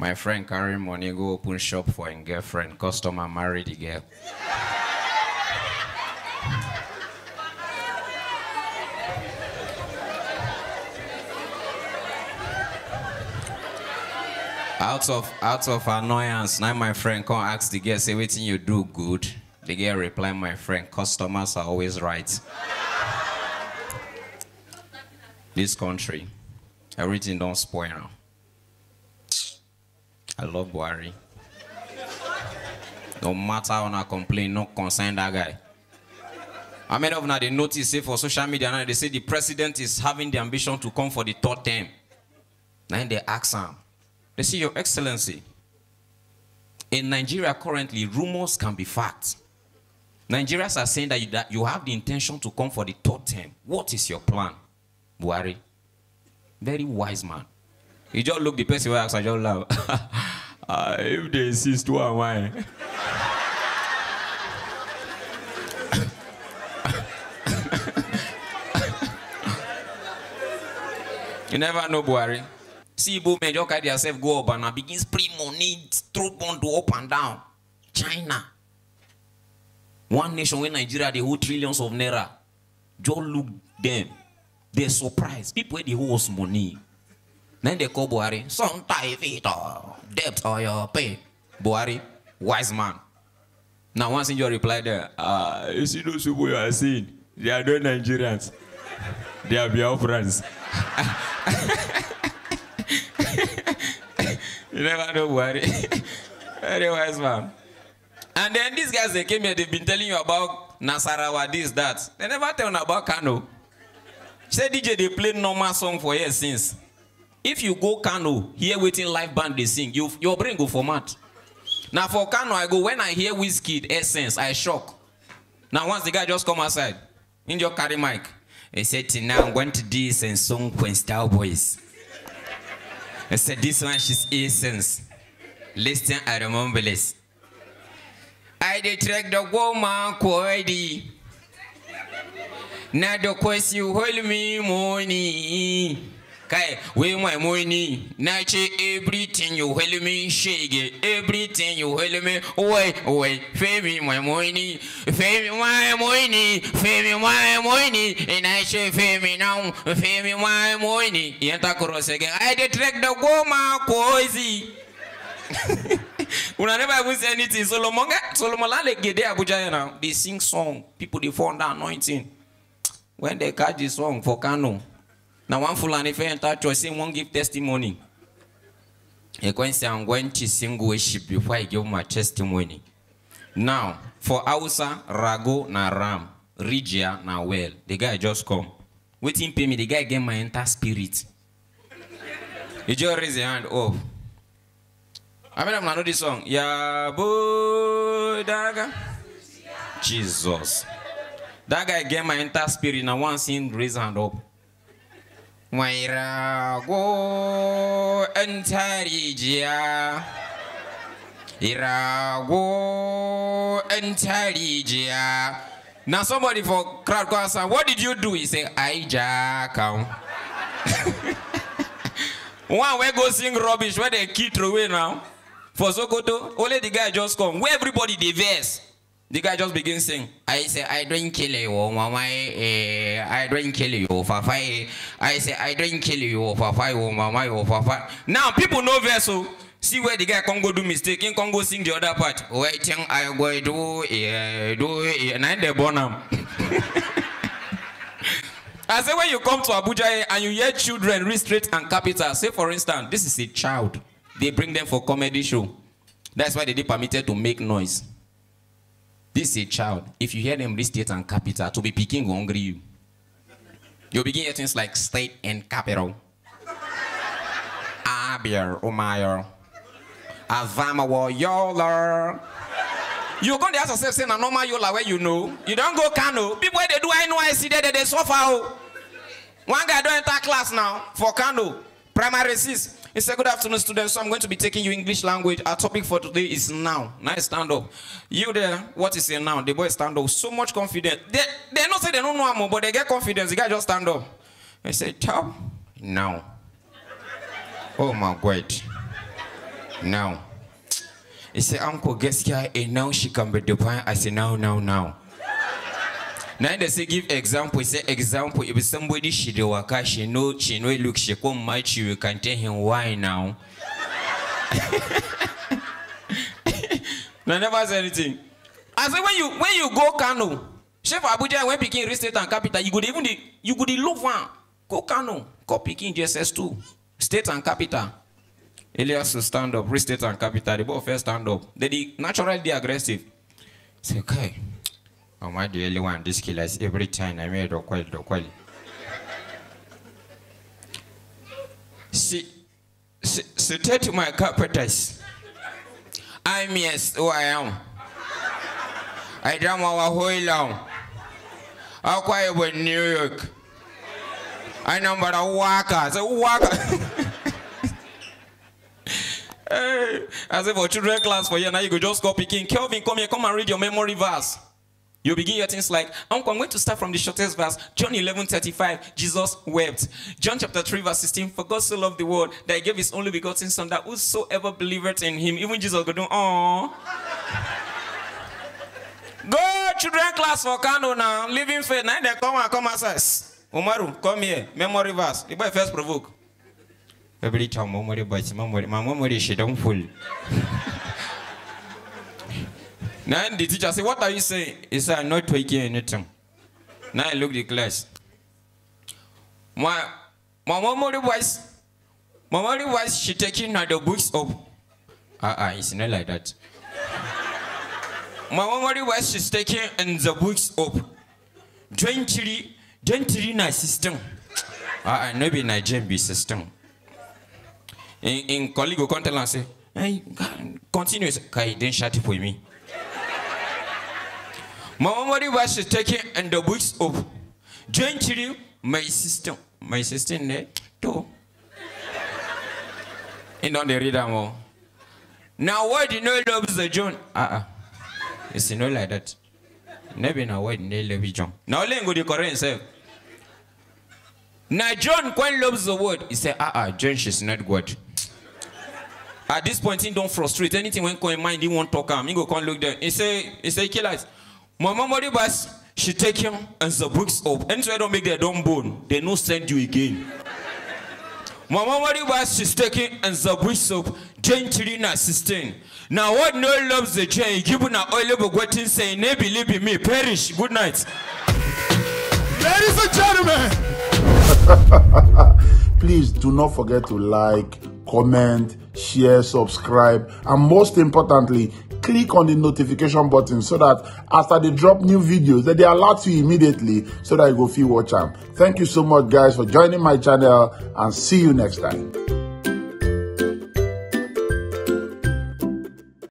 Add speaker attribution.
Speaker 1: My friend carry money, go open shop for a girlfriend. Customer married the girl. out of out of annoyance, now my friend come ask the girl, say, "Waiting you do good." The girl reply, "My friend, customers are always right." this country, everything don't spoil now. I love Buhari. No matter how I complain, no concern that guy. I many of now they notice, say for social media now, they say the president is having the ambition to come for the third term. Then they ask him, they say, Your Excellency, in Nigeria currently, rumors can be facts. Nigerians are saying that you, that you have the intention to come for the third term. What is your plan, Buhari? Very wise man. You just look the person I ask. I just laugh. Uh, ah, if they insist, who am I? you never know, Buhari. See, Ibo men just carry yourself go up and begin spray money, throw bond up and down. China. One nation where Nigeria, they hold trillions of naira. Just look them. They're surprised. People, they hold money. Then they call Buhari, Sometime Vito, debt or your pay. Buhari, wise man. Now, once in your reply there, uh, you see those people you are seeing, they are not Nigerians. They are your friends. you never know Buhari. Very wise man. And then these guys, they came here, they've been telling you about Nasarawa, this, that. They never tell you about Kano. She said, DJ, they played normal song for years since if you go Kano, hear waiting live band they sing, you, your brain go format. Now for Kano, I go, when I hear Whiskey Essence, I shock. Now once the guy just come outside, in your carry mic, he said, now I'm going to this and song Queen Style Boys. I said, this one she's Essence. Listen, I remember this. I did track the woman quality. Now the question hold me money. Kai, we my money. Nache everything you help me, shake Everything you help me, away, away. Femi my money. Femi my money. Femi my money. And I say femi now. Femi my money. Yenta cross again. I detract the woman kozi. Una never even say anything. Solomon, eh, Solomon Lale Gede Abuja now. They sing song. People they found the anointing. When they catch the song for Kano, now one Fulani fair and touch was won't give testimony. He going say, I'm going to sing worship before I give my testimony. Now, for Ausa, Rago, na Ram, Rigia, na Well, the guy just come. Waiting pay me, the guy get my entire spirit. he just raise his hand off. Oh. I mean, I'm not know this song. Yeah, boy, daga. Jesus. That guy get my entire spirit. Now, one he raise hand up mai rago ɗan Ira rago ɗan tarijiya now somebody for crowd go ask what did you do he say i jack come. one we go sing rubbish wey they kill away now for sokoto only the guy just come where everybody diverse. The guy just begins saying, I say, I don't kill you, oh, mama, eh, eh, I don't kill you, fafa, oh, eh. I say, I don't kill you, fafa, oh, oh, mama, oh, fafa. Now, people know this, so See where the guy can go do mistake, he can go sing the other part. Waiting, I go do, eh, do, eh, and I'm the bonum. I say, when you come to Abuja eh, and you hear children restrict and capital, say, for instance, this is a child. They bring them for comedy show. That's why they are permitted to make noise. This is a child. If you hear them restate and capital, to be picking will hungry you. You'll begin hearing things like state and capital. Abir, ah, Omayor. Oh Avama Yolar. You go there yourself saying a normal Yola where you know. You don't go Kano. People where they do I know I see they suffer. Oh. One guy don't enter class now for Kano. Primary six. He said, Good afternoon, students. So I'm going to be taking you English language. Our topic for today is now. Now stand up. You there, what is your now? The boy stand up. So much confidence. They, they not say they don't know more, but they get confidence. The guy just stand up. I said, Chop, now. oh my God. Now. He said, Uncle, guess here a now she can be defined I say, now, now, now. Now they say give example. Say example. If somebody she the waka, she know she know look she come match you. You can tell him why now. I never say anything. I say when you when you go Kano, chef Abuja when picking real estate and capital, you could even the, you could look one. Go Kano, go picking GSS two, state and capital. Elias to stand up, real estate and capital. They both first stand up. They, they naturally they aggressive. Say okay. Am I the only one. these killers every time I made a quail, a quail? to my carpenters. I'm yes, who I am. I drum our whole long. am quiet with New York. I know about a walker, so walker. As if for children class for you, now you could just go picking. Kelvin, come here, come and read your memory verse. You begin your things like, Uncle, I'm going to start from the shortest verse, John 11 35. Jesus wept. John chapter 3, verse 16. For God so loved the world that he gave his only begotten Son, that whosoever believeth in him, even Jesus go, Oh. go, children class for candle now. Living faith. Now they come and come access. Umaru, come here. Memory verse. The boy first provoke. Every time, memory, but my memory, she don't fool. Then the teacher said, What are you saying? He said, I'm not taking anything. Now I look the class. My, my mom was, my mom was she taking her the books up. Uh-uh, ah, ah, it's not like that. my mom was she's taking and the books up. Gently, gently na system. Uh-uh, ah, no be Nigerian be system. In, in colleague go contact and say, hey, continue. Kai, then shut it for me. My memory was taken in the books of John Chiri, my sister. My sister ne too. You know the reader more. Now why do you know the John? Uh-uh. It's not like that. Never know why they love John. Now let go the Korean self. Now John quite loves the word. He said, uh-uh, ah, ah, John she's not good. At this point, he don't frustrate anything when come in mind, he won't talk him. He go come look there. He say, he say, kill us. My memory verse, she take him and the books up. And don't make their dumb bone, they no send you again. My memory verse, she's taking and the books up. Jane 3 na sustain. Now what no loves the Jane, give na oil of waiting Say, nay believe in me, perish. Good night. Ladies and gentlemen. Please do not forget to like, comment, share, subscribe, and most importantly, click on the notification button so that after they drop new videos, that they alert you immediately so that you go feel watch them. Thank you so much guys for joining my channel and see you next time.